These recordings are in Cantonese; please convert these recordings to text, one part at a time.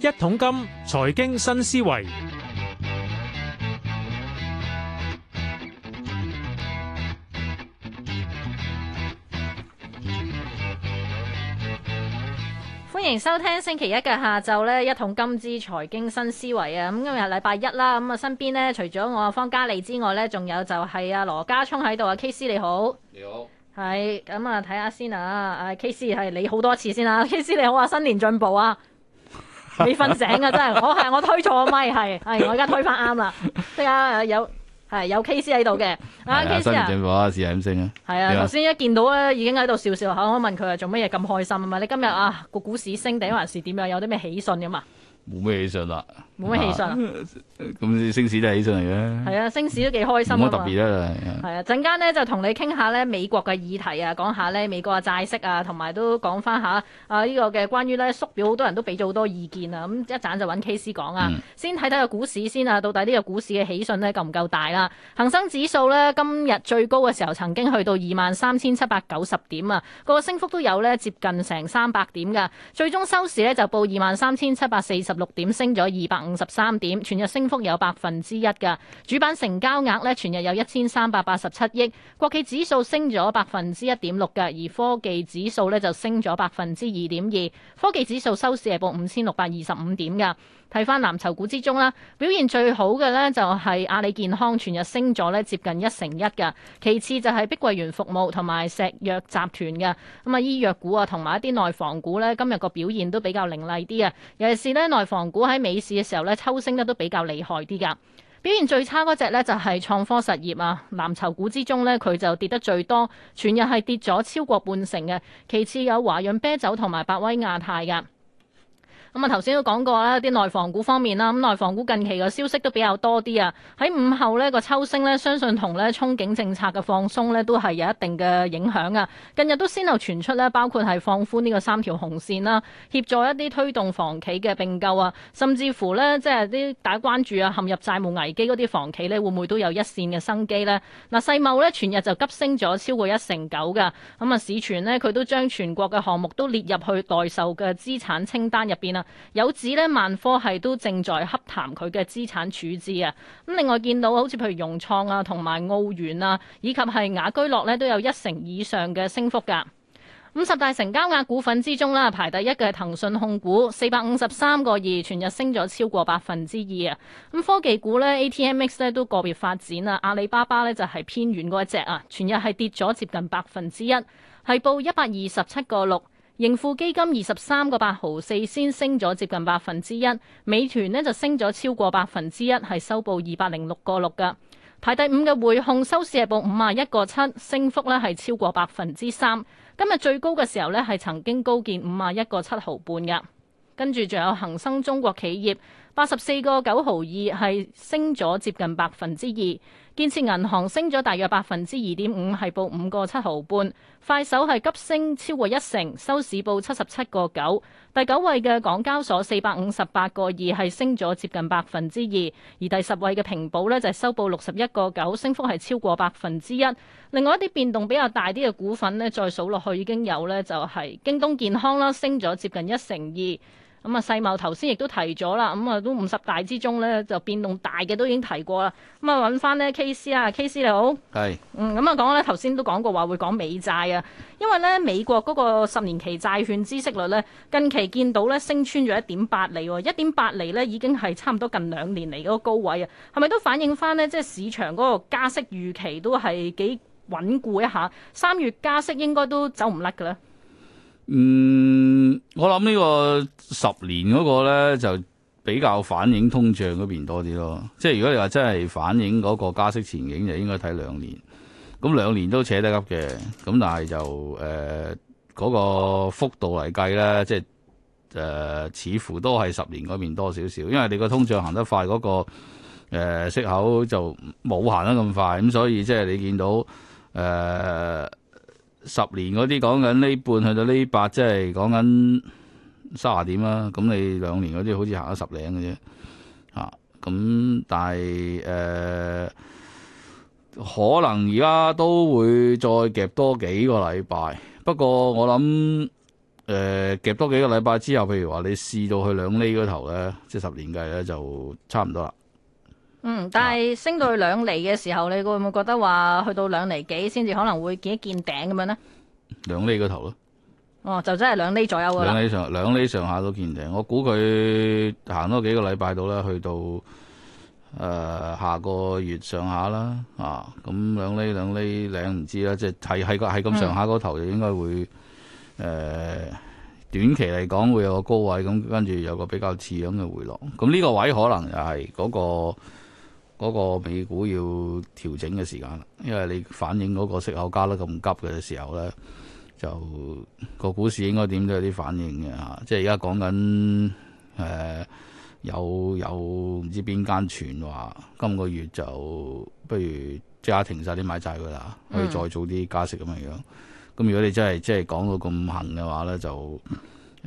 一桶金財經新思維，歡迎收聽星期一嘅下晝呢，一桶金之財經新思維啊！咁今日禮拜一啦，咁啊身邊呢，除咗我阿方嘉利之外呢，仲有就係阿羅家聰喺度啊，KC 你好。你好。係咁啊，睇下、嗯、先啊！阿、啊、K 師係你好多次先啦、啊、，K 師你好啊，新年進步啊！你瞓醒啊，真係我係我推錯咪係，係、哎、我而家推翻啱啦。即係有係有 K 師喺度嘅，阿 K 師啊，新年進步啊，市係咁升啊！係啊，頭先樣一見到咧，已經喺度笑笑口，我問佢啊，做乜嘢咁開心啊？咪你今日啊，個股市升定還是點樣？有啲咩喜訊咁嘛？冇咩、啊、 喜訊啦，冇咩喜訊，咁升市都係喜訊嚟嘅。係啊，升市都幾開心好特別啦，係啊。陣間呢，就同你傾下咧美國嘅議題啊，講下咧美國嘅債息啊，同埋都講翻下啊呢個嘅關於咧、這個、縮表，好多人都俾咗好多意見啊。咁一陣就揾 K C 講啊，先睇睇個股市先啊，到底呢個股市嘅喜訊呢夠唔夠大啦？恒生指數呢，今日最高嘅時候曾經去到二萬三千七百九十點啊，個升幅都有呢接近成三百點㗎，最終收市呢，就報二萬三千七百四十六點升咗二百五十三點，全日升幅有百分之一噶。主板成交額呢，全日有一千三百八十七億。國企指數升咗百分之一點六噶，而科技指數呢，就升咗百分之二點二。科技指數收市係報五千六百二十五點噶。睇翻藍籌股之中啦，表現最好嘅呢，就係阿里健康，全日升咗呢接近一成一噶。其次就係碧桂園服務同埋石藥集團嘅。咁啊，醫藥股啊同埋一啲內房股呢，今日個表現都比較凌厲啲啊，尤其是呢內房股喺美市嘅時候咧，抽升得都比較厲害啲噶。表現最差嗰隻咧就係創科實業啊，藍籌股之中咧佢就跌得最多，全日係跌咗超過半成嘅。其次有華潤啤酒同埋百威亞太㗎。咁啊，頭先都講過啦，啲內房股方面啦，咁內房股近期嘅消息都比較多啲啊。喺午後呢個秋升呢，相信同呢憧憬政策嘅放鬆呢，都係有一定嘅影響啊。近日都先後傳出呢，包括係放寬呢個三條紅線啦，協助一啲推動房企嘅並購啊，甚至乎呢，即係啲大家關注啊，陷入債務危機嗰啲房企呢，會唔會都有一線嘅生機呢？嗱，世茂呢，全日就急升咗超過一成九㗎，咁啊，市傳呢，佢都將全國嘅項目都列入去待售嘅資產清單入邊啊。有指呢，萬科系都正在洽談佢嘅資產處置啊！咁另外見到好似譬如融創啊，同埋澳元啊，以及係雅居樂呢，都有一成以上嘅升幅噶。五十大成交額股份之中啦，排第一嘅係騰訊控股，四百五十三個二，全日升咗超過百分之二啊！咁科技股呢，ATMX 呢都個別發展啊。阿里巴巴呢，就係偏遠嗰一隻啊，全日係跌咗接近百分之一，係報一百二十七個六。盈富基金二十三個八毫四，先升咗接近百分之一，美團呢就升咗超過百分之一，係收報二百零六個六噶排第五嘅匯控收市係報五十一個七，升幅咧係超過百分之三。今日最高嘅時候咧係曾經高見五十一個七毫半噶。跟住仲有恒生中國企業。八十四個九毫二係升咗接近百分之二，建設銀行升咗大約百分之二點五，係報五個七毫半。快手係急升超過一成，收市報七十七個九。第九位嘅港交所四百五十八個二係升咗接近百分之二，而第十位嘅平保呢就係收報六十一個九，升幅係超過百分之一。另外一啲變動比較大啲嘅股份呢，再數落去已經有呢，就係京東健康啦，升咗接近一成二。咁啊，世貿頭先亦都提咗啦，咁啊都五十大之中咧就變動大嘅都已經提過啦。咁啊，揾翻咧 KC 啊，KC 你好，係是，嗯，咁啊講咧頭先都講過話會講美債啊，因為咧美國嗰個十年期債券孳息率咧近期見到咧升穿咗一點八厘，一點八厘咧已經係差唔多近兩年嚟嗰個高位啊，係咪都反映翻呢？即係市場嗰個加息預期都係幾穩固一下？三月加息應該都走唔甩嘅咧。嗯，我諗呢個十年嗰個呢，就比較反映通脹嗰邊多啲咯。即係如果你話真係反映嗰個加息前景，就應該睇兩年。咁、嗯、兩年都扯得急嘅，咁但係就誒嗰、呃、嗰個幅度嚟計呢，即係、呃、似乎都係十年嗰邊多少少。因為你個通脹行得快，嗰、嗰個誒、呃、息口就冇行得咁快。咁、嗯、所以即係你見到誒。呃十年嗰啲講緊呢半去到呢八，即係講緊卅啊點啦。咁你兩年嗰啲好似行咗十零嘅啫啊。咁但係誒、呃，可能而家都會再夾多幾個禮拜。不過我諗誒，夾、呃、多幾個禮拜之後，譬如話你試到去兩厘嗰頭咧，即係十年計咧就差唔多啦。嗯，但係升到去兩厘嘅時候，啊、你會唔會覺得話去到兩厘幾先至可能會見一見頂咁樣呢？兩厘個頭咯，哦，就真係兩厘左右啊！兩厘上兩厘上下都見頂，我估佢行多幾個禮拜到咧，去到誒、呃、下個月上下啦啊，咁兩厘兩厘頂唔知啦，即係係個係咁上下個頭就應該會誒、嗯呃、短期嚟講會有個高位，咁跟住有個比較似樣嘅回落，咁呢個位可能又係嗰個。嗰個美股要調整嘅時間，因為你反映嗰個息口加得咁急嘅時候咧，就個股市應該點都有啲反應嘅嚇、啊。即係而、呃、家講緊誒有有唔知邊間傳話，今個月就不如即刻停曬啲買債㗎啦，可以再做啲加息咁嘅、嗯、樣。咁如果你真係即係講到咁狠嘅話咧，就誒、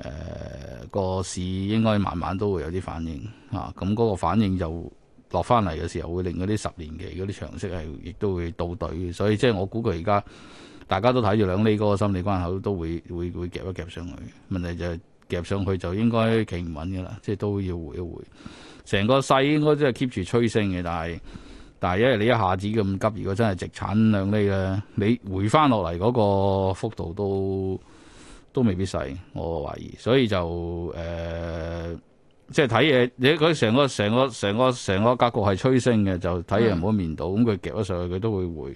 呃、個市應該慢慢都會有啲反應嚇。咁、啊、嗰、嗯那個反應就～落翻嚟嘅時候，會令嗰啲十年期嗰啲長息係，亦都會倒隊。所以即係我估佢而家大家都睇住兩厘嗰個心理關口，都會會會夾一夾上去。問題就係、是、夾上去就應該企唔穩嘅啦，即係都要回一回。成個勢應該真係 keep 住趨升嘅，但係但係因為你一下子咁急，如果真係直產兩厘咧，你回翻落嚟嗰個幅度都都未必細，我懷疑。所以就誒。呃即係睇嘢，你佢成個成個成個成個格局係趨升嘅，就睇嘢唔好面到，咁佢夾咗上去，佢都會回，咁、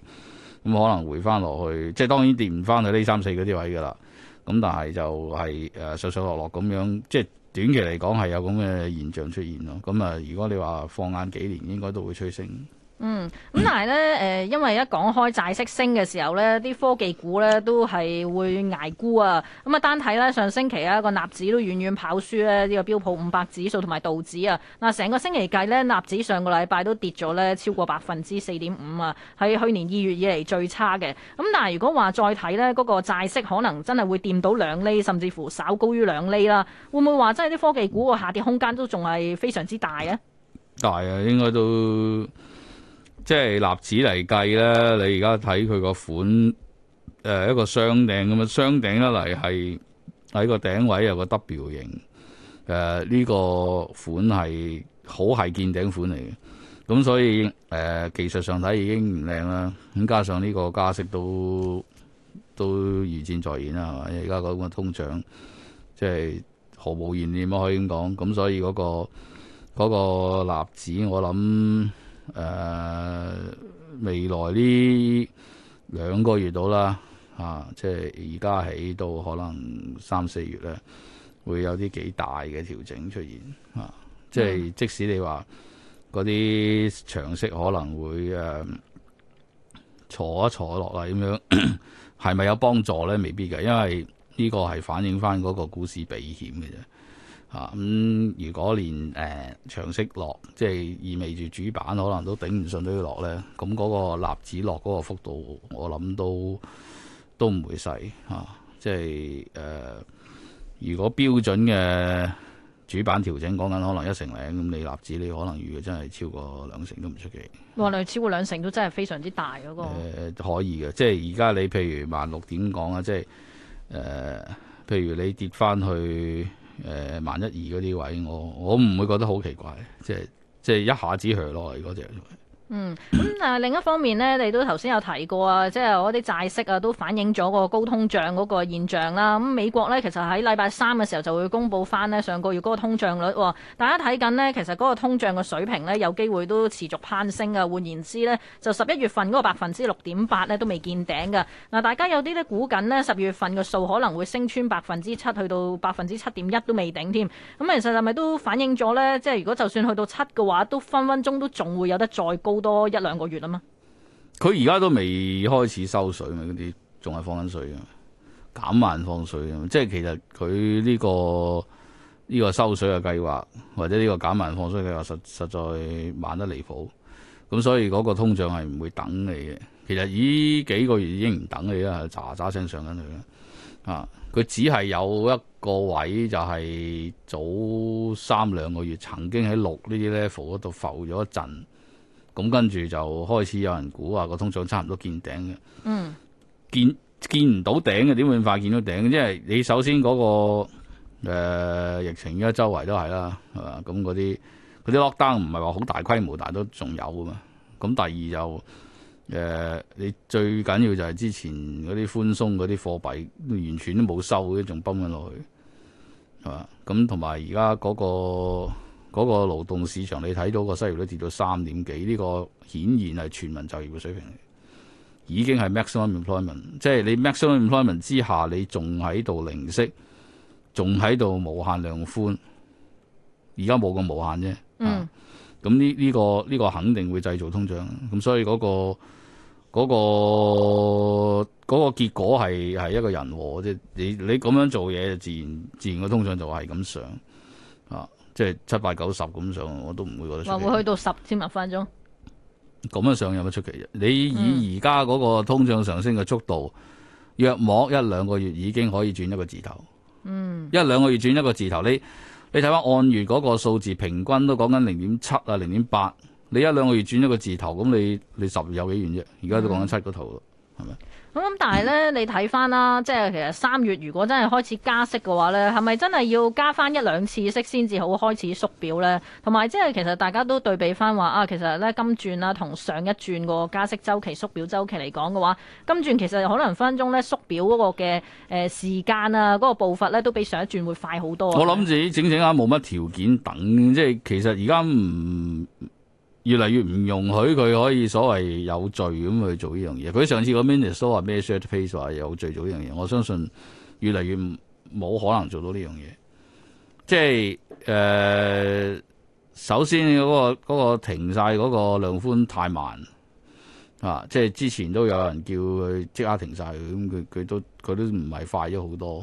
嗯、可能回翻落去。即係當然掂唔翻去呢三四嗰啲位噶啦，咁、嗯、但係就係、是、誒、呃，上上落落咁樣，即係短期嚟講係有咁嘅現象出現咯。咁、嗯、啊、嗯，如果你話放眼幾年，應該都會趨升。嗯，咁但係咧，誒、呃，因為一講開債息升嘅時候咧，啲科技股咧都係會捱沽啊。咁啊，單睇咧，上星期啊，個納指都遠遠跑輸咧呢個標普五百指數同埋道指啊。嗱，成個星期計咧，納指上個禮拜都跌咗咧超過百分之四點五啊，喺去年二月以嚟，最差嘅。咁但係如果話再睇咧，嗰、那個債息可能真係會掂到兩厘，甚至乎稍高於兩厘啦。會唔會話真係啲科技股個下跌空間都仲係非常之大啊？大啊，應該都。即係納指嚟計咧，你而家睇佢個款，誒、呃、一個雙頂咁啊，雙頂一嚟係喺個頂位有個 W 型，誒、呃、呢、這個款係好係見頂款嚟嘅，咁所以誒、呃、技術上睇已經唔靚啦，咁加上呢個加息都都如箭在弦啦，係嘛？而家嗰個通脹即係毫無懸念啊，可以咁講，咁所以嗰、那個嗰、那個納指我諗。誒，uh, 未來呢兩個月到啦，吓、啊，即係而家起到可能三四月咧，會有啲幾大嘅調整出現，吓、啊，即係即使你話嗰啲長息可能會誒、啊、坐一坐落嚟，咁樣係咪 有幫助咧？未必嘅，因為呢個係反映翻嗰個股市避險嘅啫。啊咁、嗯，如果連誒、呃、長息落，即係意味住主板可能都頂唔順都要落咧，咁嗰個納指落嗰個幅度我，我諗都都唔會細啊。即係誒、呃，如果標準嘅主板調整講緊可能一成零，咁你納指你可能預真係超過兩成都唔出奇。話兩超過兩成都真係非常之大嗰個、嗯呃。可以嘅，即係而家你譬如萬六點講啊，即係誒、呃，譬如你跌翻去。誒、呃、萬一二嗰啲位我，我我唔會覺得好奇怪，即係即係一下子去落嚟嗰隻。那個嗯，咁啊另一方面咧，你都頭先有提過啊，即係嗰啲債息啊，都反映咗個高通脹嗰個現象啦。咁、嗯、美國呢，其實喺禮拜三嘅時候就會公布翻呢上個月嗰個通脹率。哦、大家睇緊呢，其實嗰個通脹嘅水平呢，有機會都持續攀升啊。換言之呢，就十一月份嗰個百分之六點八呢都未見頂嘅。嗱，大家有啲咧估緊呢，十月份嘅數可能會升穿百分之七，去到百分之七點一都未頂添。咁、嗯、其實係咪都反映咗呢？即係如果就算去到七嘅話，都分分鐘都仲會有得再高。多一兩個月啦嘛，佢而家都未開始收水啊！啲仲係放緊水啊，減慢放水啊。即係其實佢呢個呢個收水嘅計劃，或者呢個減慢放水嘅計劃實，實在慢得離譜。咁所以嗰個通脹係唔會等你嘅。其實呢幾個月已經唔等你啦，喳喳聲上緊去啦啊！佢只係有一個位，就係早三兩個月曾經喺六呢啲 level 嗰度浮咗一陣。咁跟住就開始有人估話個通脹差唔多見頂嘅，嗯，見見唔到頂嘅，點會快見到頂？因為你首先嗰、嗰個、呃、疫情而家周圍都係啦，係嘛？咁嗰啲嗰啲 lockdown 唔係話好大規模，但係都仲有啊嘛。咁第二就誒、呃，你最緊要就係之前嗰啲寬鬆嗰啲貨幣完全都冇收，依仲泵緊落去，係嘛？咁同埋而家嗰個。嗰個勞動市場，你睇到個失業率跌到三點幾，呢個顯然係全民就業嘅水平，已經係 maximum employment。即係你 maximum employment 之下，你仲喺度零息，仲喺度無限量寬。而家冇咁無限啫。嗯。咁呢？呢個呢個肯定會製造通脹。咁所以嗰個嗰個嗰個結果係係一個人和即你你咁樣做嘢，自然自然個通脹就係咁上啊。即係七八九十咁上，我都唔會覺得。話會去到十千萬分鐘？咁樣上有乜出奇？你以而家嗰個通脹上升嘅速度，約莫、嗯、一兩個月已經可以轉一個字頭。嗯，一兩個月轉一個字頭，你你睇翻按月嗰個數字平均都講緊零點七啊零點八，你一兩個月轉一個字頭，咁你你十有幾遠啫？而家都講緊七個頭咯，係咪、嗯？咁、嗯、但係呢，你睇翻啦，即係其實三月如果真係開始加息嘅話呢，係咪真係要加翻一兩次息先至好開始縮表呢？同埋即係其實大家都對比翻話啊，其實呢今轉啦同上一轉個加息周期縮表周期嚟講嘅話，今轉其實可能分分鐘呢縮表嗰個嘅誒時間啊，嗰、嗰個步伐呢都比上一轉會快好多，啊。我諗自己整整下冇乜條件等，即係其實而家唔。越嚟越唔容許佢可以所謂有罪咁去做呢樣嘢。佢上次個 minister 都話咩 measured pace 話有罪做呢樣嘢。我相信越嚟越冇可能做到呢樣嘢。即係誒、呃，首先嗰、嗰個嗰個停晒嗰個量寬太慢啊！即係之前都有人叫佢即刻停晒。佢，咁佢佢都佢都唔係快咗好多。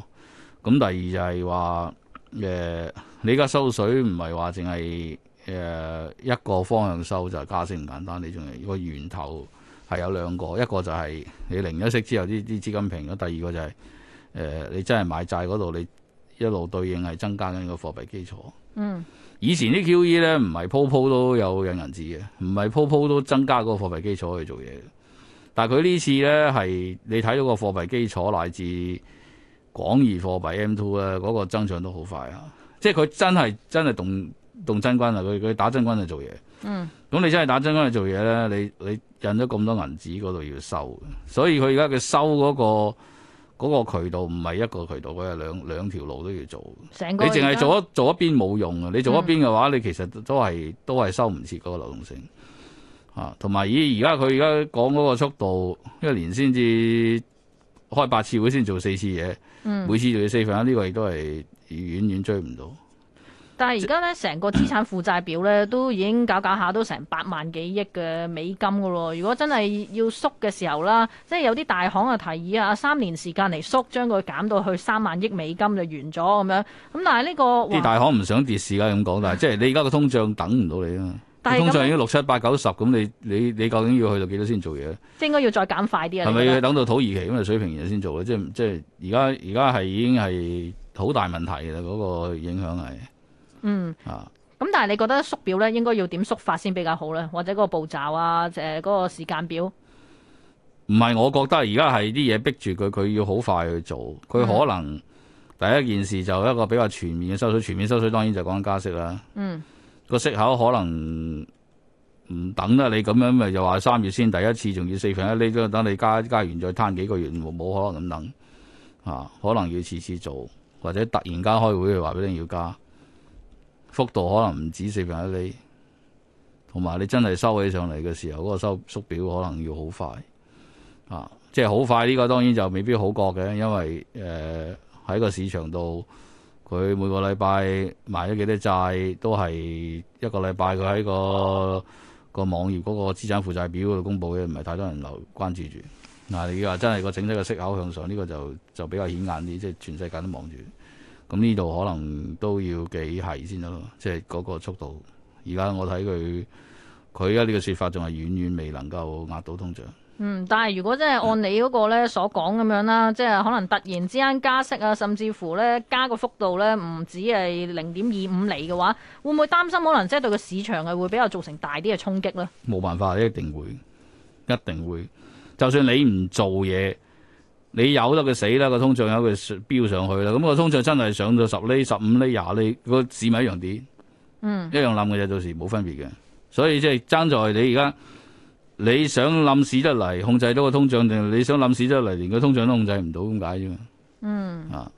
咁、嗯、第二就係話誒，你而家收水唔係話淨係。誒一個方向收就係、是、加息唔簡單，你仲有個源頭係有兩個，一個就係你零一息之後啲啲資金平咗，第二個就係、是、誒、呃、你真係買債嗰度，你一路對應係增加緊個貨幣基礎。嗯，以前啲 QE 咧唔係鋪鋪都有印銀紙嘅，唔係鋪鋪都增加嗰個貨幣基礎去做嘢。但係佢呢次咧係你睇到個貨幣基礎乃至廣義貨幣 M2 咧嗰、那個增長都好快啊！即係佢真係真係動。動真軍啊！佢佢打真軍嚟做嘢。嗯。咁你真係打真軍嚟做嘢咧，你你印咗咁多銀紙嗰度要收，所以佢而家佢收嗰、嗰個、嗰個渠道唔係一個渠道，佢係兩兩條路都要做。你淨係做一做一邊冇用啊！你做一邊嘅話，嗯、你其實都係都係收唔切嗰個流動性。啊，同埋咦，而家佢而家講嗰個速度，一年先至開八次會，先做四次嘢，嗯、每次做嘢四份，呢、呢個亦都係遠遠追唔到。但係而家咧，成個資產負債表咧都已經搞搞下，都成八萬幾億嘅美金噶咯。如果真係要縮嘅時候啦，即係有啲大行啊提議啊，三年時間嚟縮，將佢減到去三萬億美金就完咗咁樣。咁但係呢個啲大行唔想跌市啦，咁講，但係即係你而家個通脹等唔到你啊。但係你通脹已經六七八九十咁，你你你究竟要去到幾多先做嘢？即應該要再減快啲啊！係咪要等到土耳其咁嘅水平嘢先做？即係即係而家而家係已經係好大問題嘅啦！嗰個影響係。嗯啊，咁但係你覺得縮表咧應該要點縮法先比較好咧？或者嗰個步驟啊，誒，呃，嗰個時間表？唔係，我覺得而家係啲嘢逼住佢，佢要好快去做。佢可能第一件事就一個比較全面嘅收水，全面收水當然就講緊加息啦。嗯，個息口可能唔等啦，你咁樣咪又話三月先第一次，仲要四分一厘都等你加加完再攤幾個月，冇可能咁等啊？可能要次次做，或者突然間開會去話俾你要加。幅度可能唔止四分一厘，同埋你真係收起上嚟嘅時候，嗰、那個收縮表可能要好快啊！即係好快呢個，當然就未必好覺嘅，因為誒喺、呃、個市場度，佢每個禮拜賣咗幾多債，都係一個禮拜佢喺個個網頁嗰個資產負債表度公佈嘅，唔係太多人留關注住。嗱，你話真係個整體嘅息口向上，呢、這個就就比較顯眼啲，即係全世界都望住。咁呢度可能都要幾係先得咯，即係嗰個速度。而家我睇佢，佢而家呢個説法仲係遠遠未能夠壓到通脹。嗯，但係如果真係按你嗰個呢所講咁樣啦，即係可能突然之間加息啊，甚至乎呢加個幅度呢，唔止係零點二五釐嘅話，會唔會擔心可能即係對個市場係會比較造成大啲嘅衝擊呢？冇辦法，一定會，一定會。就算你唔做嘢。你有得佢死啦，個通脹有佢飆上去啦，咁個通脹真係上到十厘、十五厘、廿厘，個市咪一樣跌，嗯，一樣冧嘅啫。到時冇分別嘅，所以即係爭在你而家你想冧市得嚟控制到個通脹，定你想冧市得嚟連個通脹都控制唔到咁解啫嘛，嗯，啊。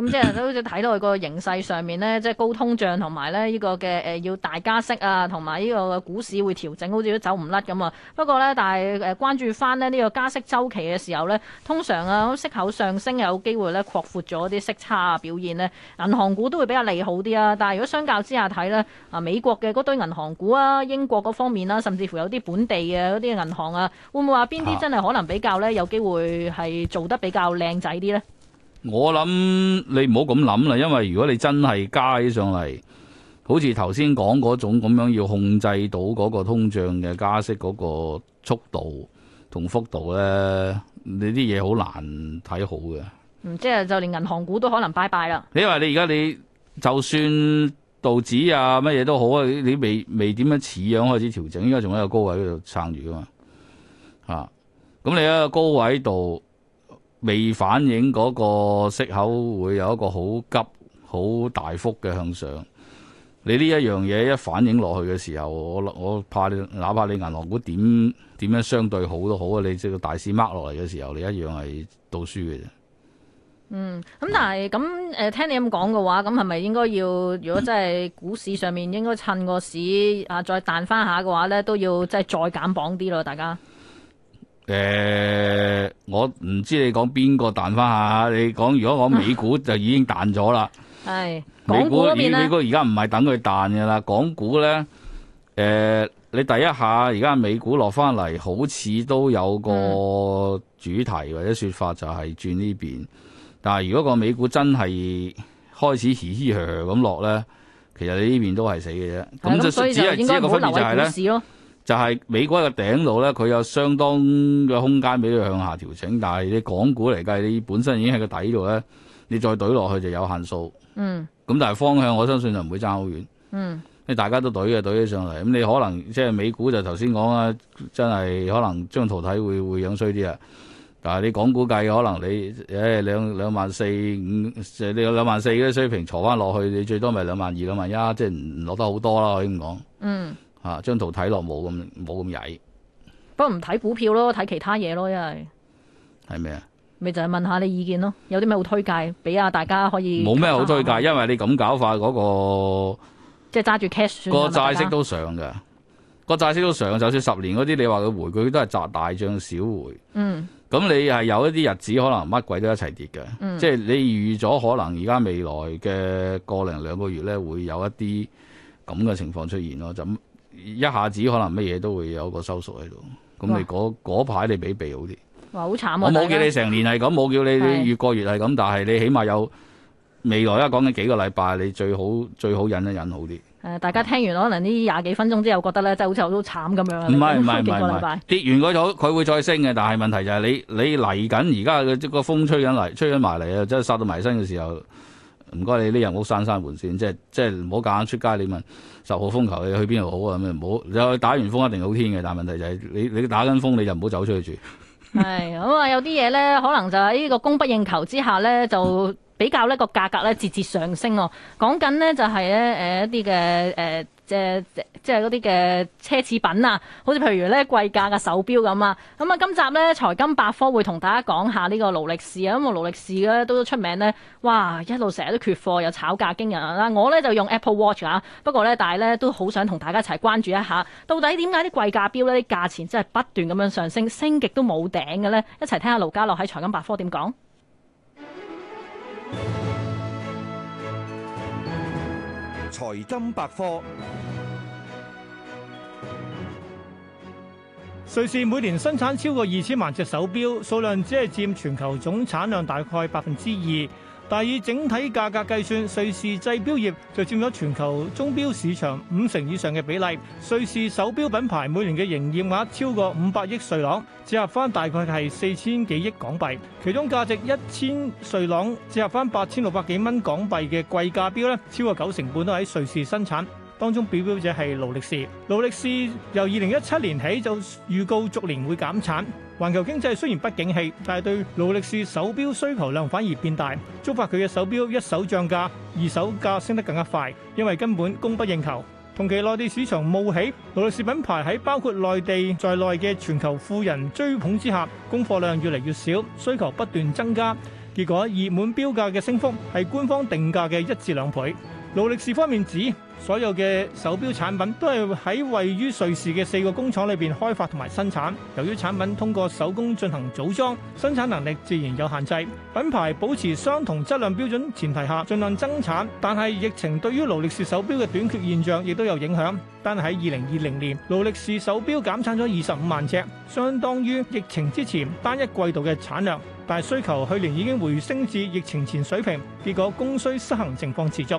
咁、 嗯、即係都好似睇到佢個形勢上面呢，即係高通脹同埋呢依個嘅誒、呃、要大加息啊，同埋呢個股市會調整，好似都走唔甩咁啊。不過呢，但係誒、呃、關注翻咧呢個加息周期嘅時候呢，通常啊息口上升有機會呢擴闊咗啲息差啊表現呢，銀行股都會比較利好啲啊。但係如果相較之下睇呢，啊美國嘅嗰堆銀行股啊，英國嗰方面啦，甚至乎有啲本地嘅嗰啲銀行啊，會唔會話邊啲真係可能比較呢？啊、有機會係做得比較靚仔啲呢？我諗你唔好咁諗啦，因為如果你真係加起上嚟，好似頭先講嗰種咁樣，要控制到嗰個通脹嘅加息嗰個速度同幅度呢，你啲嘢好難睇好嘅。即係就連銀行股都可能拜拜啦。你話你而家你就算道指啊乜嘢都好啊，你未未點樣似樣開始調整，依家仲喺個高位度撐住啊嘛。吓，咁你喺個高位度。未反映嗰個息口會有一個好急、好大幅嘅向上。你呢一樣嘢一反映落去嘅時候，我我怕你，哪怕你銀行股點樣，點樣相對好都好啊，你即係個大市掹落嚟嘅時候，你一樣係倒輸嘅啫。嗯，咁但係咁誒，聽你咁講嘅話，咁係咪應該要？如果真係股市上面應該趁個市啊再彈翻下嘅話呢，都要即係再減磅啲咯，大家。誒、呃，我唔知你講邊個彈翻下，你講如果講美股就已經彈咗啦，係，美股呢邊咧，而家唔係等佢彈嘅啦，港股咧，誒、呃，你第一下而家美股落翻嚟，好似都有個主題或者說法就係轉呢邊，但係如果個美股真係開始嘻嘻嘻咁落咧，其實你呢邊都係死嘅啫，咁就所以就應該好、就是、留意股市咯就係美國嘅頂度咧，佢有相當嘅空間俾你向下調整。但係你港股嚟計，你本身已經喺個底度咧，你再懟落去就有限數。嗯。咁但係方向，我相信就唔會爭好遠。嗯。你大家都懟嘅，懟起上嚟，咁你可能即係、就是、美股就頭先講啊，真係可能張圖睇會會樣衰啲啊。但係你港股計可能你，唉、哎，兩兩萬四五，你有兩萬四嘅水平挫返落去，你最多咪兩萬二啦嘛，一，即係唔攞得好多啦，可以咁講。嗯。啊！張圖睇落冇咁冇咁曳，不過唔睇股票咯，睇其他嘢咯，因為係咩啊？咪就係問下你意見咯，有啲咩好推介俾啊？大家可以冇咩好推介，因為你咁搞法嗰、嗰個，即係揸住 cash 個債息都上嘅，家個債息都上，就算十年嗰啲，你話佢回，佢都係砸大漲小回。嗯，咁你係有一啲日子可能乜鬼都一齊跌嘅。嗯、即係你預咗可能而家未來嘅個零兩個月咧，會有一啲咁嘅情況出現咯。就一下子可能乜嘢都會有一個收縮喺度，咁你嗰排哇你比備好啲。好慘啊！我冇叫你成年係咁，冇哇叫你越過越係咁，是但係你起碼有未來一講緊幾個禮拜，你最好最好忍一忍好啲。誒，大家聽完可能呢廿幾分鐘之後覺得咧，即係好似好慘咁樣。唔係唔係唔係，跌完佢好，佢會再升嘅，但係問題就係你你嚟緊而家嘅個風吹緊嚟，吹緊埋嚟啊！真係殺到埋身嘅時候。唔該，你呢樣冇閂閂門窗，即係即係唔好夾硬出街。你問十號風球你去邊度好啊？咁啊，唔好有打完風一定好天嘅，但係問題就係你你打緊風你就唔好走出去住。係咁啊，有啲嘢咧，可能就喺呢個供不應求之下咧，就比較呢個價格咧節節上升哦。講緊咧就係咧誒一啲嘅誒。呃即即即係嗰啲嘅奢侈品啊，好似譬如呢貴價嘅手錶咁啊。咁啊，今集呢財金百科會同大家講下呢個勞力士啊。因為，勞力士呢都出名呢，哇，一路成日都缺貨，又炒價驚人啊。我呢就用 Apple Watch 啊，不過呢，但係呢都好想同大家一齊關注一下，到底點解啲貴價錶呢啲價錢真係不斷咁樣上升，升極都冇頂嘅呢？一齊聽下羅家聰喺財金百科點講。財經百科，瑞士每年生產超過二千萬隻手錶，數量只係佔全球總產量大概百分之二。但以整體價格計算，瑞士製錶業就佔咗全球鐘錶市場五成以上嘅比例。瑞士手錶品牌每年嘅營業額超過五百億瑞郎，折合翻大概係四千幾億港幣。其中價值一千瑞郎，折合翻八千六百幾蚊港幣嘅貴價錶咧，超過九成半都喺瑞士生產。當中表表者係勞力士。勞力士由二零一七年起就預告逐年會減產。環球經濟雖然不景氣，但係對勞力士手錶需求量反而變大，觸發佢嘅手錶一手漲價，二手價升得更加快，因為根本供不應求。同期內地市場冒起，勞力士品牌喺包括內地在內嘅全球富人追捧之下，供貨量越嚟越少，需求不斷增加，結果熱門標價嘅升幅係官方定價嘅一至兩倍。勞力士方面指，所有嘅手錶產品都係喺位於瑞士嘅四個工廠裏邊開發同埋生產。由於產品通過手工進行組裝，生產能力自然有限制。品牌保持相同質量標準前提下，儘量增產。但係疫情對於勞力士手錶嘅短缺現象亦都有影響。但喺二零二零年，勞力士手錶減產咗二十五萬隻，相當於疫情之前單一季度嘅產量。但係需求去年已經回升至疫情前水平，結果供需失衡情況持續。